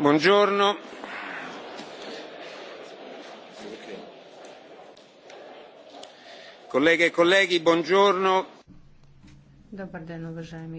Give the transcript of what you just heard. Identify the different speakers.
Speaker 1: Buongiorno.
Speaker 2: Колеги и колеги, buongiorno.
Speaker 3: Добър ден, уважаеми